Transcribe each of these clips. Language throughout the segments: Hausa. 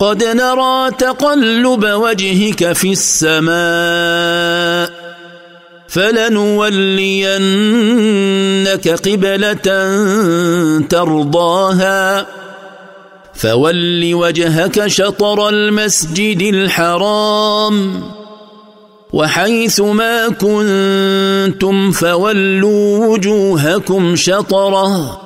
قد نرى تقلب وجهك في السماء فلنولينك قبله ترضاها فول وجهك شطر المسجد الحرام وحيث ما كنتم فولوا وجوهكم شطره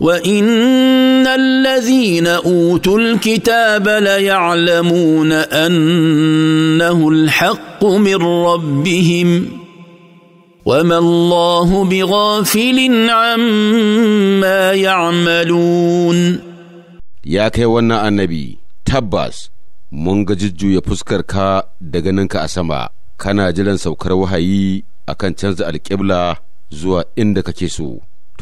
وان الذين اوتوا الكتاب ليعلمون انه الحق من ربهم وما الله بغافل عما يعملون يا كي ونا النبي تباس mun ga jujjuya fuskarka da ganinka a sama kana jiran saukar wahayi akan canza alƙibla zuwa inda kake so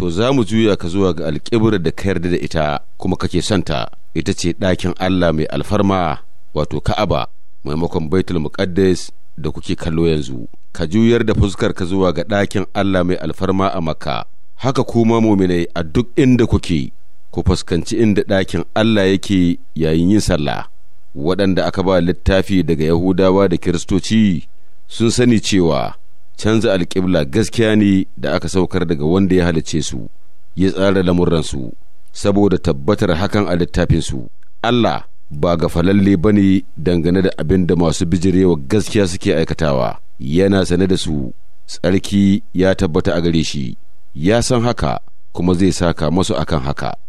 to za mu juya ka zuwa ga alƙibrar da ka yarda da ita kuma kake santa ita ce ɗakin Allah mai alfarma wato Ka'aba maimakon Baitul Muqaddas da kuke kallo yanzu ka juyar da fuskar ka zuwa ga ɗakin Allah mai alfarma a Makka haka kuma muminai a duk inda kuke ku fuskanci inda ɗakin Allah yake yayin yin sallah waɗanda aka ba littafi daga Yahudawa da Kiristoci sun sani cewa canza alƙibla gaskiya ne da aka saukar daga wanda ya halicce su ya tsara lamuransu saboda tabbatar hakan a littafinsu Allah ba ga falalle ba ne dangane da abin da masu bijirewa gaskiya suke aikatawa yana sane da su tsarki ya tabbata a gare shi ya san haka kuma zai saka masu akan haka